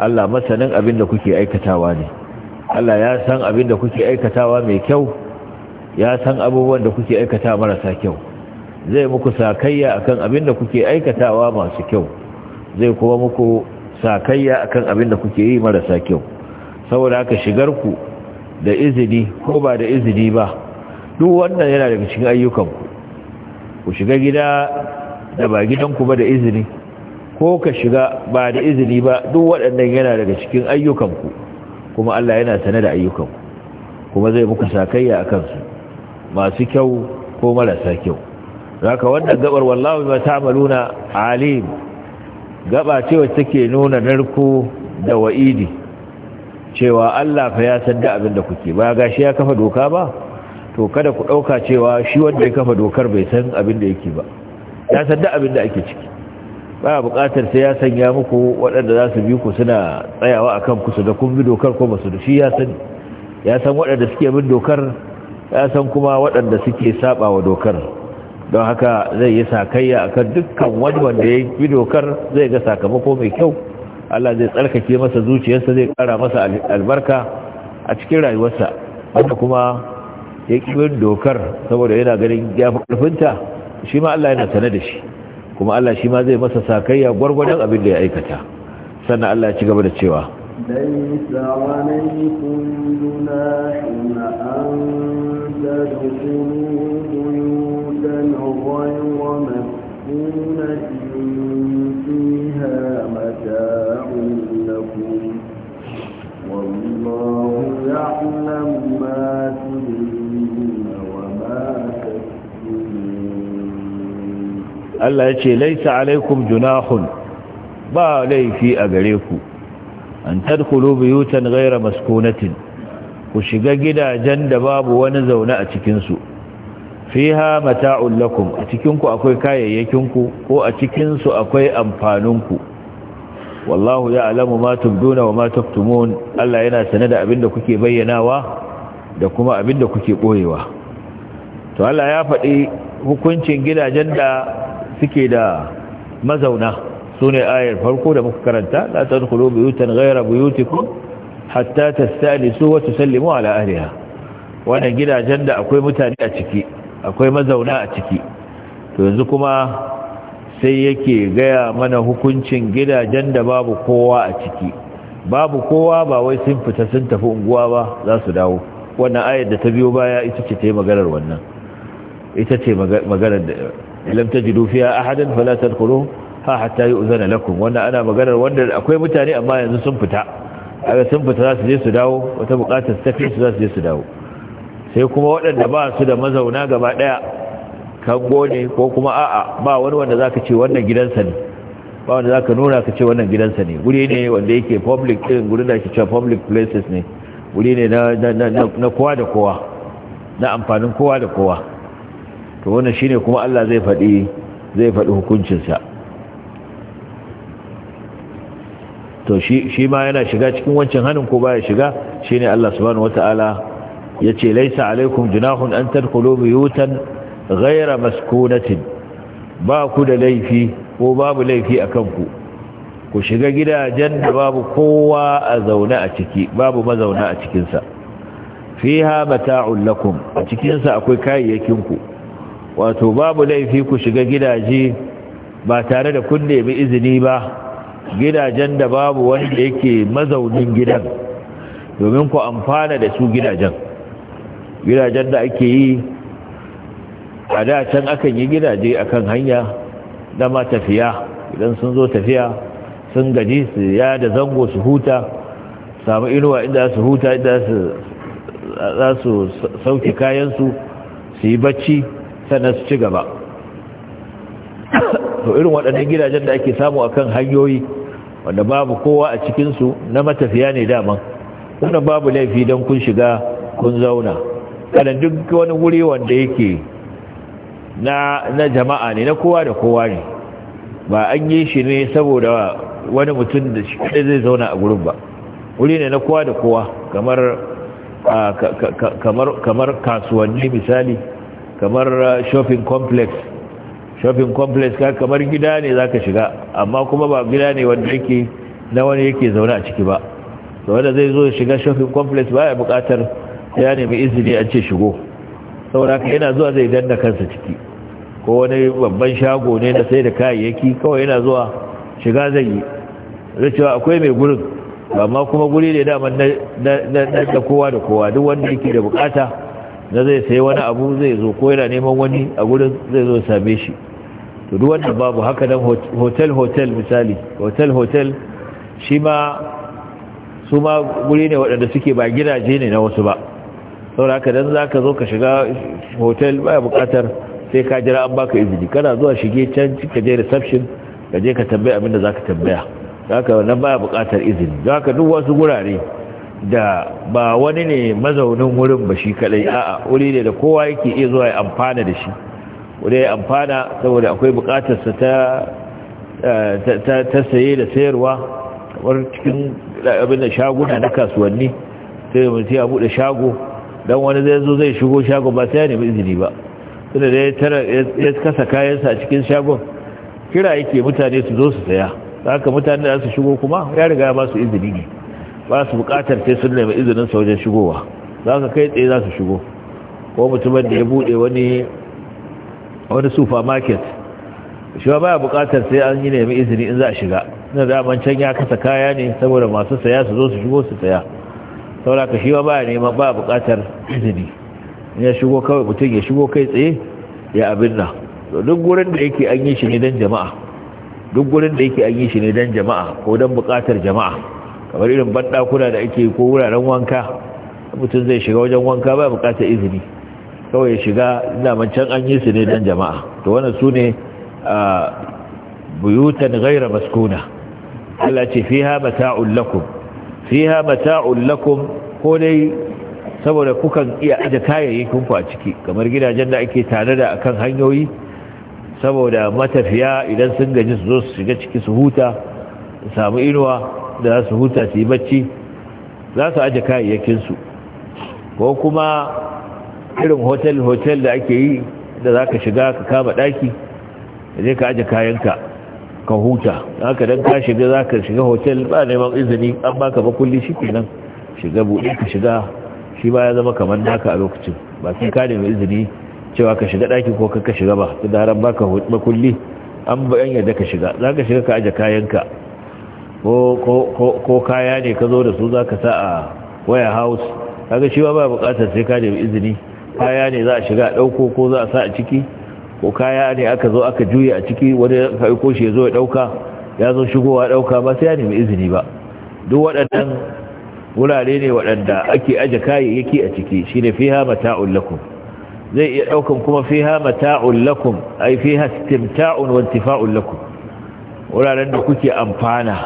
Allah masanin abin da kuke aikatawa ne Allah ya san abin da kuke aikatawa mai kyau ya san abubuwan da kuke aikata marasa kyau zai muku sakayya akan abin da kuke aikatawa masu kyau zai kuma muku sakayya akan abin da kuke yi marasa kyau saboda haka shigar ku da izini ko ba da izini ba duk wannan yana daga cikin ayyukan ku ku shiga gida da ba gidanku ba da izini ko ka shiga ba da izini ba duk waɗannan yana daga cikin ayyukanku kuma Allah yana sane da ayyukanku kuma zai muku sakayya a kansu masu kyau ko marasa kyau zaka wannan gabar wallahi ma ta'maluna alim gaba cewa take nuna narko da wa'idi cewa Allah fa ya san abin da kuke ba gashi ya kafa doka ba to kada ku dauka cewa shi wanda ya kafa dokar bai san abin da yake ba ya san abin da ake ciki ba buƙatar sai ya sanya muku waɗanda za su bi ku suna tsayawa akan ku su da kun bi dokar ko ba su da shi ya san ya san waɗanda suke bin dokar ya san kuma waɗanda suke saba wa dokar don haka zai yi sakayya a kan dukkan wani wanda ya yi dokar zai ga sakamako mai kyau Allah zai tsarkake masa zuciyarsa zai kara masa albarka a cikin rayuwarsa wanda kuma ya ƙi dokar saboda yana ganin ya fi ƙarfinta shi ma Allah yana sane da shi kuma Allah shi ma zai masa sakayya gwargwadon abin da ya aikata sannan Allah ci gaba da cewa Allah ya ce, Laisa alaikum junahun ba laifi a gare ku, an tadkulu biyutan gaira maskunatin, ku shiga gidajen da babu wani zaune a cikinsu. fiha mata'un lakum a cikinku akwai kayayyakin ku ko a cikinsu akwai amfanin ku. wallahu ya ma tubduna wa ma taktumun Allah yana sane da abinda kuke bayyanawa da kuma abinda kuke boyewa to Allah ya faɗi hukuncin gidajen da suke da mazauna sune ayar farko da muka karanta la tadkhulu buyutan ghayra buyutikum hatta tastanisu wa tusallimu ala ahliha wannan gidajen da akwai mutane a ciki akwai mazauna a ciki to yanzu kuma sai yake gaya mana hukuncin gidajen da babu kowa a ciki babu kowa ba wai sun fita sun tafi unguwa ba za su dawo wannan ayar da ta biyo baya ita ce ta yi maganar wannan ita ce maganar da ilim ta jidu a hadin falasar kuro ha hatta yi uzan alakun wannan ana maganar wanda akwai mutane amma yanzu sun fita ga sun fita za su je su dawo wata bukatar tafi su za su je su dawo sai kuma waɗanda ba su da mazauna gaba ɗaya kan gone ko kuma a'a ba wani wanda za ka ce wannan gidansa ne ba wanda za ka nuna ka ce wannan gidansa ne guri ne wanda yake public ɗin guri da ke cewa public places ne guri ne na kowa da kowa na amfanin kowa da kowa to wannan shi ne kuma Allah zai faɗi zai faɗi hukuncinsa to shi ma yana shiga cikin wancan hannun ko baya shiga shi ne Allah subhanahu wataala ya yace laisa alaikum junahun an tadkhulu buyutan ghayra maskunatin ba ku da laifi ko babu laifi akan ku ku shiga gidajen da babu kowa a zaune a ciki babu mazauna a cikin sa fiha mata'un lakum a cikin sa akwai kayayyakin ku wato babu laifi ku shiga gidaje ba tare da kun nemi izini ba gidajen da babu wanda yake mazaunin gidan domin ku amfana da su gidajen gidajen da ake yi a da can akan yi gidaje akan hanya da ma tafiya idan sun zo tafiya sun gaji su ya da zango su huta samu inuwa inda su huta inda za su sauke kayansu su yi bacci sannan su ci gaba to irin waɗannan gidajen da ake samu akan hanyoyi wanda babu kowa a cikinsu na matafiya ne daman wannan babu laifi don kun shiga kun zauna kada duk wani wuri wanda yake na na jama'a ne na kowa da kowa ne ba an yi shi ne saboda wani mutum da shi kadai zai zauna a gurin ba wuri ne na kowa da kowa kamar kamar kamar kasuwanni misali kamar shopping complex shopping complex ka kamar gida ne zaka shiga amma kuma ba gida ne wanda yake na wani yake zaune a ciki ba wanda zai zo shiga shopping complex ba ya bukatar ya nemi izini an ce shigo saboda yana zuwa zai danna kansa ciki ko wani babban shago ne na sai da kayayyaki kawai yana zuwa shiga zai yi da cewa akwai mai gurin amma kuma guri ne dama na kowa da kowa duk wanda yake da bukata na zai sai wani abu zai zo ko yana neman wani a gurin zai zo same shi to duk wanda babu haka nan hotel hotel misali hotel hotel shi ma su ma guri ne waɗanda suke ba gidaje ne na wasu ba saboda haka dan zaka zo ka shiga hotel baya bukatar sai ka jira an baka izini kana zuwa shige can ka je reception ka je ka tambaya abin da zaka tambaya haka wannan baya bukatar izini zaka duk wasu gurare da ba wani ne mazaunin wurin ba shi kadai a'a wuri ne da kowa yake iya zuwa ya amfana da shi wuri ya amfana saboda akwai bukatar sa ta eh, ta ta saye da sayarwa kamar cikin abin da shaguna na kasuwanni sai mutum ya bude shago don wani zai zo zai shigo shago ba sai ya nemi izini ba tunda da ya kasa kayansa a cikin shagon kira yake mutane su zo su saya haka mutane da su shigo kuma ya riga ba su izini ne ba su bukatar sai sun nemi izinin sa wajen shigowa za ka kai tsaye za su shigo ko mutumin da ya bude wani wani supermarket shi ba ya bukatar sai an yi nemi izini in za a shiga na man can ya kasa kaya ne saboda masu saya su zo su shigo su saya saboda ka shi ba neman ba izini ya shigo kawai mutum ya shigo kai tsaye ya abin nan duk gurin da yake an yi shi ne don jama'a duk gurin da yake an yi shi ne don jama'a ko don bukatar jama'a kamar irin banɗakuna da ake ko wuraren wanka mutum zai shiga wajen wanka ba bukatar izini kawai ya shiga daman can an yi su ne don jama'a to wannan su ne buyutan gaira maskuna Allah ce fiha mata'un lakum fiha mata'un lakum ko dai saboda kukan iya aje kayayyakin ku a ciki kamar gidajen da ake tare da akan hanyoyi saboda matafiya idan sun gaji su zo su shiga ciki su huta su samu inuwa da za su huta su yi bacci za su aje kayayyakin su ko kuma irin hotel-hotel da ake yi da za shiga ka kama daki da ka aje kayanka ka huta haka dan ka shiga za ka shiga hotel ba neman izini an baka ba kulli shi nan shiga buɗe ka shiga shi ba ya zama kamar naka a lokacin ba sai ka nemi izini cewa ka shiga ɗaki ko ka shiga ba ta da haram baka makulli an ba yan yadda ka shiga za ka shiga ka aje kayanka ko kaya ne ka zo da su za ka sa a waya house kaga shi ba ba bukatar sai ka nemi izini kaya ne za a shiga a ɗauko ko za a sa a ciki ko kaya ne aka zo aka juya a ciki wani ya shi ya zo ya ɗauka ya zo shigowa ɗauka ba sai ya nemi izini ba duk waɗannan wurare ne waɗanda ake aje kayayyaki a ciki shine fiha mata'un lakum zai iya ɗaukan kuma fiha mata'un lakum ai fiha istimta'un wa intifa'un lakum wuraren da kuke amfana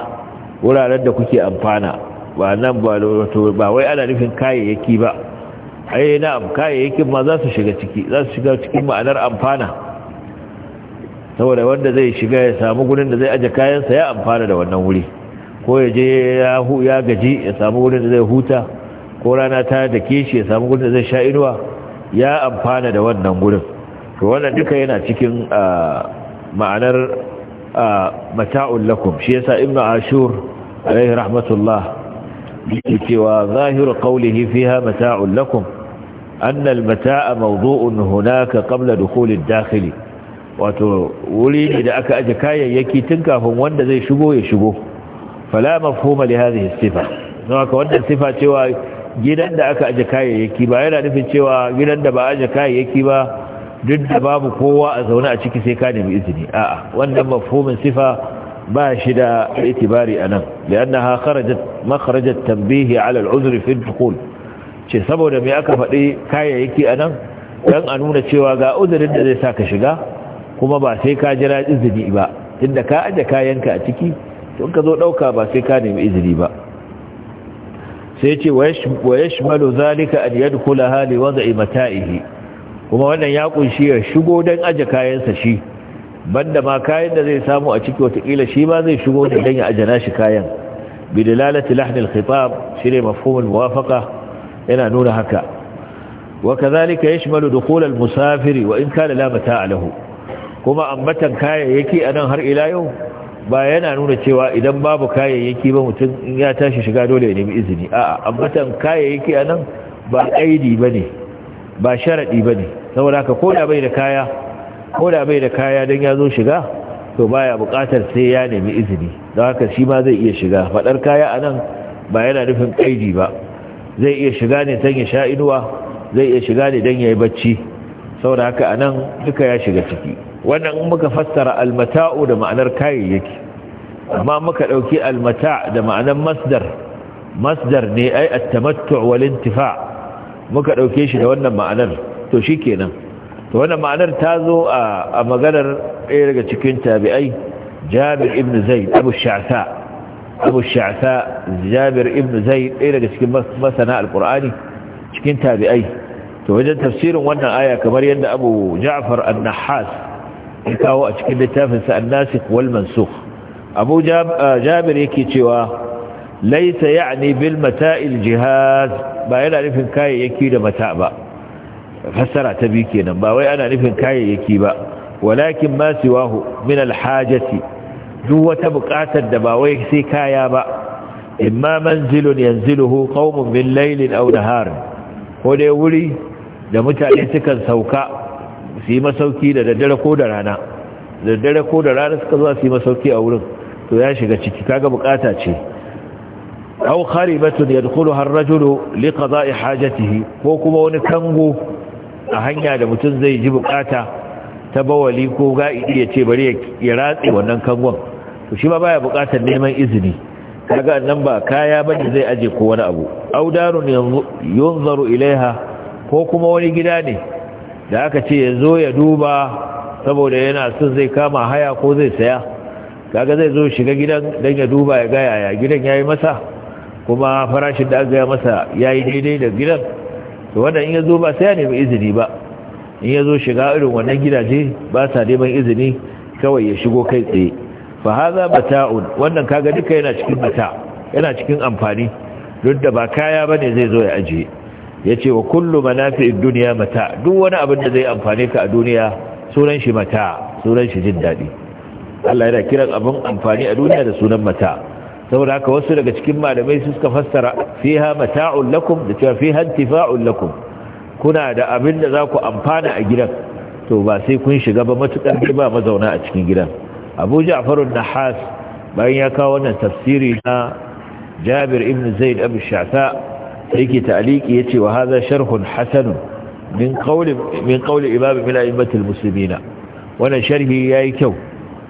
wuraren da kuke amfana ba nan ba wato ba wai ana nufin kayayyaki ba ai na'am kayayyakin ma za su shiga ciki za su shiga cikin ma'anar amfana saboda wanda zai shiga ya samu gudun da zai aje kayansa ya amfana da wannan wuri ko ya je ya gaji ya samu gudun da zai huta ko rana ta da kishi ya samu gudun da zai sha inuwa ya amfana da wannan gudun to wannan duka yana cikin ah, ma'anar ah, mata'ul lakum shi yasa ibnu ashur alaihi rahmatullah yake cewa zahiru qawlihi fiha mata'ul lakum أن المتاع موضوع هناك قبل دخول الداخل wato wuri ne da aka aje kayayyaki tun kafin wanda zai shigo ya shigo fala mafhuma li hadhihi sifa don haka wannan sifa cewa gidan da aka aje kayayyaki ba yana nufin cewa gidan da ba aje kayayyaki ba duk da babu kowa a zaune a ciki sai ka nemi izini a'a wannan mafhumin sifa ba shi da itibari anan li'annaha kharajat makhrajat tanbihi ala al'uzri fi ad-dukhul ce saboda mai aka faɗi kayayyaki a nan don a nuna cewa ga uzurin da zai sa ka shiga kuma ba sai ka jira izini ba inda ka aje kayanka a ciki to ka zo ɗauka ba sai ka nemi izini ba sai ce wa ya shimalu zalika a diyar kula hali wanda kuma wannan ya kunshi ya shigo don aje kayansa shi banda ma kayan da zai samu a ciki watakila shi ma zai shigo da don ya aje nashi kayan bidilalati lahnil khitab shi ne mafhumul muwafaqa yana nuna haka wa kazalika yashmalu dukhul al-musafiri wa in kana la mata'a lahu kuma ambatan kayayyaki anan har ila yau ba yana nuna cewa idan babu kayayyaki ba mutum in ya tashi shiga dole ya nemi izini a'a ambatan kayayyaki anan ba kaidi bane ba sharadi bane saboda haka ko da bai da kaya ko bai da kaya dan ya zo shiga to baya bukatar sai ya nemi izini don haka shi ma zai iya shiga faɗar kaya anan ba yana nufin kaidi ba zai iya shiga ne don ya sha inuwa zai iya shiga ne don ya yi bacci saboda haka a nan duka ya shiga ciki wannan muka fassara almata'u da ma'anar kayayyaki amma muka ɗauki almata da ma'anar masdar masdar ne ai attamattu wal muka ɗauke shi da wannan ma'anar to kenan to wannan ma'anar ta zo a maganar ɗaya daga cikin tabi'ai Jabir ibn Zaid Abu Sha'sa abu sha'ta jabir ibn zaid ɗaya daga cikin masana Alƙur'ani cikin tabi'ai to wajen tafsirin wannan aya kamar yadda abu ja'far an ya kawo a cikin littafin sa an-nasikh wal mansukh abu jabir yake cewa laysa ya'ni bil mata'il jihaz ba yana nufin kayayyaki da mata ba fassara ta bi kenan ba wai ana nufin kayayyaki ba walakin ma siwahu min al-hajati duk wata buƙatar da ba wai sai kaya ba imma manzilun yanziluhu qaumun min laylin aw nahar ko dai wuri da mutane sukan sauka su yi masauki da daddare ko da rana da daddare ko da rana suka zuwa su yi masauki a wurin to ya shiga ciki kaga bukata ce aw kharibatun yadkhuluha ar-rajulu liqada'i hajatihi ko kuma wani kango a hanya da mutum zai ji bukata ta bawali ko ga'idi iya ce bari ya ratse wannan kangon to shi ma baya bukatar neman izini kaga nan ba kaya bane zai aje ko wani abu au darun yunzaru ilaiha ko kuma wani gida ne da aka ce yazo ya duba saboda yana son zai kama haya ko zai saya kaga zai zo shiga gidan dan ya duba ya ga yaya gidan yayi masa kuma farashin da aka ga masa yayi daidai da gidan to wanda in yazo ba sai ya nemi izini ba in ya zo shiga irin wannan gidaje ba sa neman izini kawai ya shigo kai tsaye fa haza bata'un wannan kaga duka yana cikin bata yana cikin amfani duk da ba kaya bane zai zo ya ajiye yace wa kullu manafi'id dunya mata duk wani abin da zai amfane ka a duniya sunan shi mata sunan shi jin dadi Allah yana kiran abin amfani a duniya da sunan mata saboda haka wasu daga cikin malamai su suka fassara fiha mata'un lakum da cewa fiha intifa'un lakum kuna da abin da za ku amfana a gidan to ba sai kun shiga ba matuƙar ba mazauna a cikin gidan abu ja'farun nahas bayan ya kawo wannan tafsiri na jabir ibn zaid abu shata sai ke ta'aliki yace wa hadha sharhun hasan min qawli min qawli imam min a'immatil muslimina wannan sharhi yayi kyau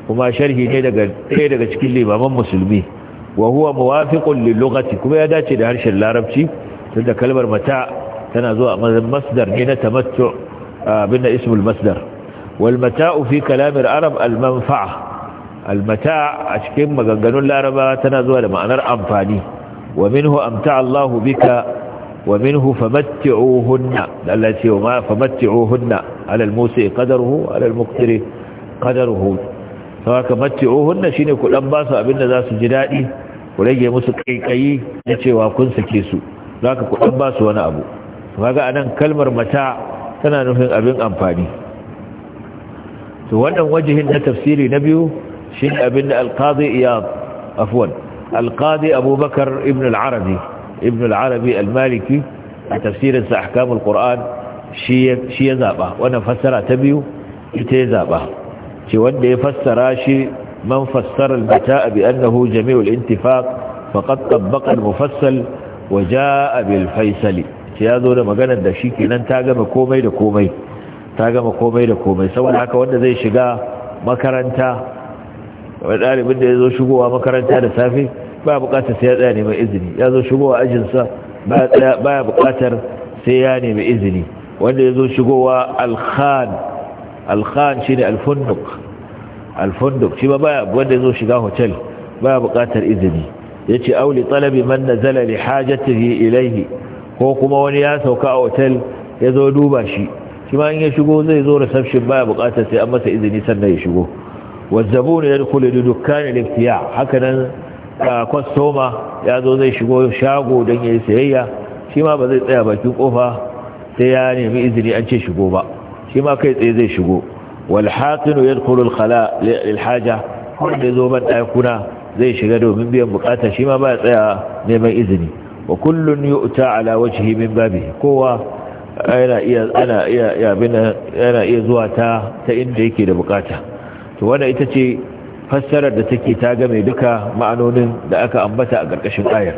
kuma sharhi ne daga ɗaya daga cikin limaman musulmi wa huwa muwafiqun lil lughati kuma ya dace da harshen larabci tunda kalmar mata tana zuwa mazan masdar ne na tamattu abin da ismul masdar wal mata'u fi kalamir arab al manfa'a al mata' a cikin maganganun laraba tana zuwa da ma'anar amfani wa minhu amta Allahu bika wa minhu famatti'uhunna Allah ce ma famatti'uhunna ala al musi qadaruhu ala al muqtiri qadaruhu sawaka matti'uhunna shine ku dan basu abin da za su ji dadi ku rage musu kaikayi da cewa kun sake su zaka ku dan su wani abu a anan kalmar mata tana nufin abin amfani to wannan wajihin na tafsiri na biyu shi abin da alqadi iyad afwan alqadi abubakar ibn al-arabi ibn al-arabi al-maliki a tafsirin sa ahkam al-quran shi shi ya zaba wannan fassara ta biyu ita ya zaba ce wanda ya fassara shi man fassara al-mata bi annahu jami'ul intifaq faqad tabbaqa al-mufassal وجاء بالفيصلي mace ya zo da maganar da shi kenan ta gama komai da komai ta gama komai da komai saboda haka wanda zai shiga makaranta wani ɗalibin da ya zo shigowa makaranta da safe ba buƙatar sai ya tsaya neman izini ya zo shigowa ajinsa ba ya buƙatar sai ya nemi izini wanda ya zo shigowa alkhan alkhan shi ne alfunduk alfunduk shi ba wanda ya zo shiga hotel ba ya buƙatar izini ya ce auli talabi man nazala li hajatihi ilaihi ko kuma wani ya sauka a otel ya zo duba shi shi ma in ya shigo zai zo reception baya bukatar sai an masa izini sannan ya shigo wazzabuni yan kula da dukkanin iftiya haka nan kwastoma ya zo zai shigo shago don ya yi sayayya shi ma ba zai tsaya bakin kofa sai ya nemi izini an ce shigo ba shi ma kai tsaye zai shigo walhaƙinu ya dukule alhaja wanda ya zo ban ɗakuna zai shiga domin biyan bukata shi ma ba ya tsaya neman izini wa kullun yu'ta ala wajhi min babihi kowa yana iya ana iya yana iya zuwa ta ta inda yake da bukata to wannan ita ce fassarar da take ta game duka ma'anonin da aka ambata a ƙarƙashin ayar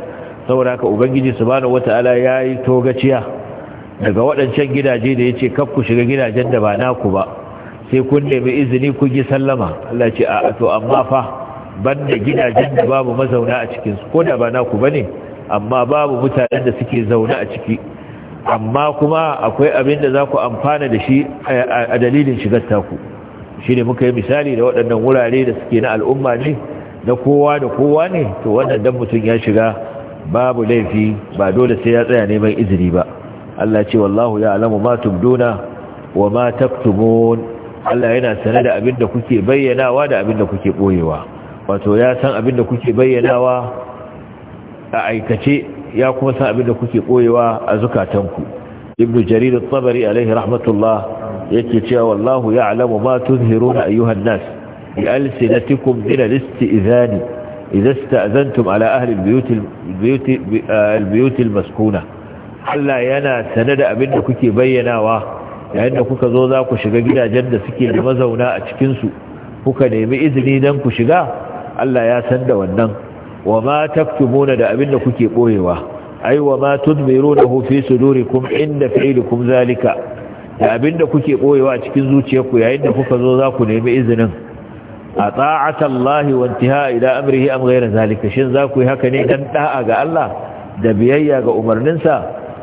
saboda haka ubangiji subhanahu wataala yayi togaciya daga waɗancan gidaje da yace kar ku shiga gidajen da ba naku ba sai kun nemi izini ku ji sallama Allah ce a to amma fa banda gidajen da babu mazauna a cikin su ko da ba naku bane amma babu mutanen da suke zaune a ciki amma kuma akwai abin da za ku amfana da shi a dalilin shigar taku shi ne muka yi misali da waɗannan wurare da suke na al'umma ne na kowa da kowa ne to wannan dan mutum ya shiga babu laifi ba dole sai ya tsaya neman izini ba Allah ce wallahu ya alamu ma tubduna wa ma taktumun Allah yana sane da abin da kuke bayyanawa da abin da kuke boyewa wato ya san abin da kuke bayyanawa a aikace ya kuma san abin da kuke koyewa a zukatanku ibnu jarir at-tabari alaihi rahmatullah yake cewa wallahu ya'lamu ma tuzhiruna ayyuhan nas bi alsinatikum min al-istizani idza ista'zantum ala ahli al-buyut al-buyut al-buyut al-maskuna Allah yana sanada abin da kuke bayyanawa yayin da kuka zo za ku shiga gidajen da suke da mazauna a cikin su kuka nemi izini dan ku shiga Allah ya san da wannan wa ma taktumuna da abin da kuke boyewa ai wa ma tudmirunahu fi sudurikum inda fi'lukum zalika da abin da kuke boyewa a cikin zuciyarku yayin da kuka zo za ku nemi izinin a ta'atallahi wa intiha ila amrihi am ghayra zalika shin za ku yi haka ne dan da'a ga Allah da biyayya ga umarninsa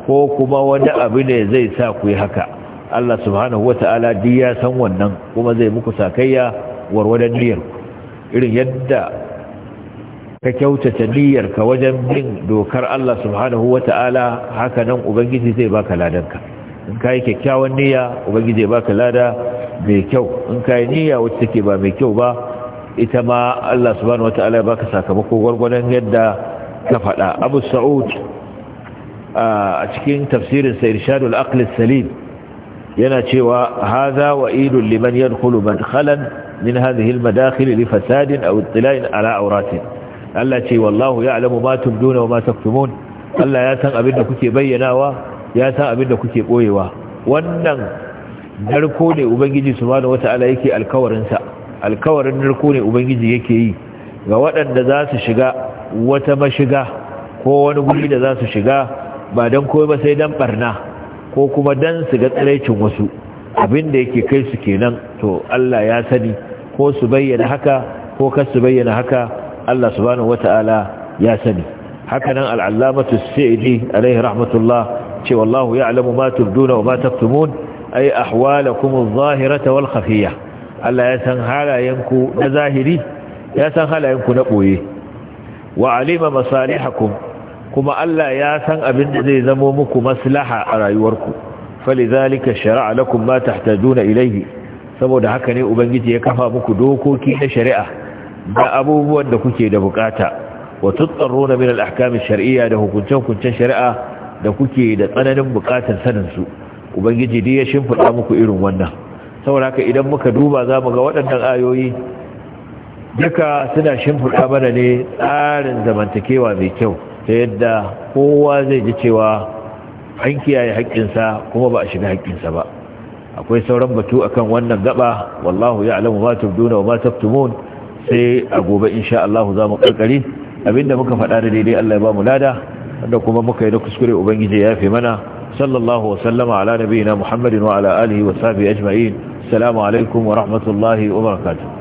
ko kuma wani abu ne zai sa ku yi haka Allah subhanahu wata'ala duk ya san wannan kuma zai muku sakayya warwadan niyyar irin yadda ka kyautata niyyarka wajen bin dokar Allah subhanahu wata'ala haka nan ubangiji zai baka ladanka in ka yi kyakkyawan niyya ubangiji zai baka lada mai kyau in ka yi niyya wacce take ba mai kyau ba ita ma Allah subhanahu wata'ala ya baka sakamako gwargwadon yadda ka faɗa abu sa'ud a cikin tafsirin sa irshadul aqli salim yana cewa wa wa'idul liman yadkhulu man khalan min hadhihi al madakhil li fasadin aw ittila'in ala awratin Allah ce wallahu ya'lamu ma tubduna wa ma taktumun Allah ya san abin da kuke bayyanawa ya san abin da kuke boyewa wannan narko ne ubangiji subhanahu wataala yake alkawarin sa alkawarin narko ne ubangiji yake yi ga waɗanda za su shiga wata mashiga ko wani guri da za su shiga ba dan koyi ba sai dan barna ko kuma dan su ga tsiraicin wasu abin da yake kai su kenan to Allah ya sani ko su bayyana haka ko kar su bayyana haka Allah subhanahu wata'ala ya sani hakanan al'allamatu sa'idi alaihi rahmatullah ce wallahu ya'lamu ma tubduna wa ma taktumun ay ahwalakum adh-dhahirata wal khafiyya Allah ya san halayenku na zahiri ya san halayenku na boye wa alima masalihakum kuma Allah ya san abin da zai zamo muku maslaha a rayuwarku falizalika shar'a lakum ma tahtajuna ilayhi saboda haka ne ubangiji ya kafa muku dokoki na shari'a da abubuwan da kuke da bukata wa na min al-ahkam ash da hukunce-hukuncen shari'a da kuke da tsananin bukatar sanin su ubangiji dai ya shimfida muku irin wannan saboda idan muka duba zamu ga waɗannan ayoyi duka suna shimfida mana ne tsarin zamantakewa mai kyau ta yadda kowa zai ji cewa an kiyaye haƙƙinsa kuma ba a shiga haƙƙinsa ba akwai sauran batu akan wannan gaba wallahu alamu ma tubduna wa ma taktumun sai a gobe insha Allah za mu karkare abinda muka faɗa da daidai Allah ya ba mu lada da kuma muka yi da kuskure ubangiji ya yafe mana sallallahu wa sallama ala nabiyina muhammadin wa ala alihi wa sahbihi ajma'in assalamu alaikum wa rahmatullahi wa barakatuh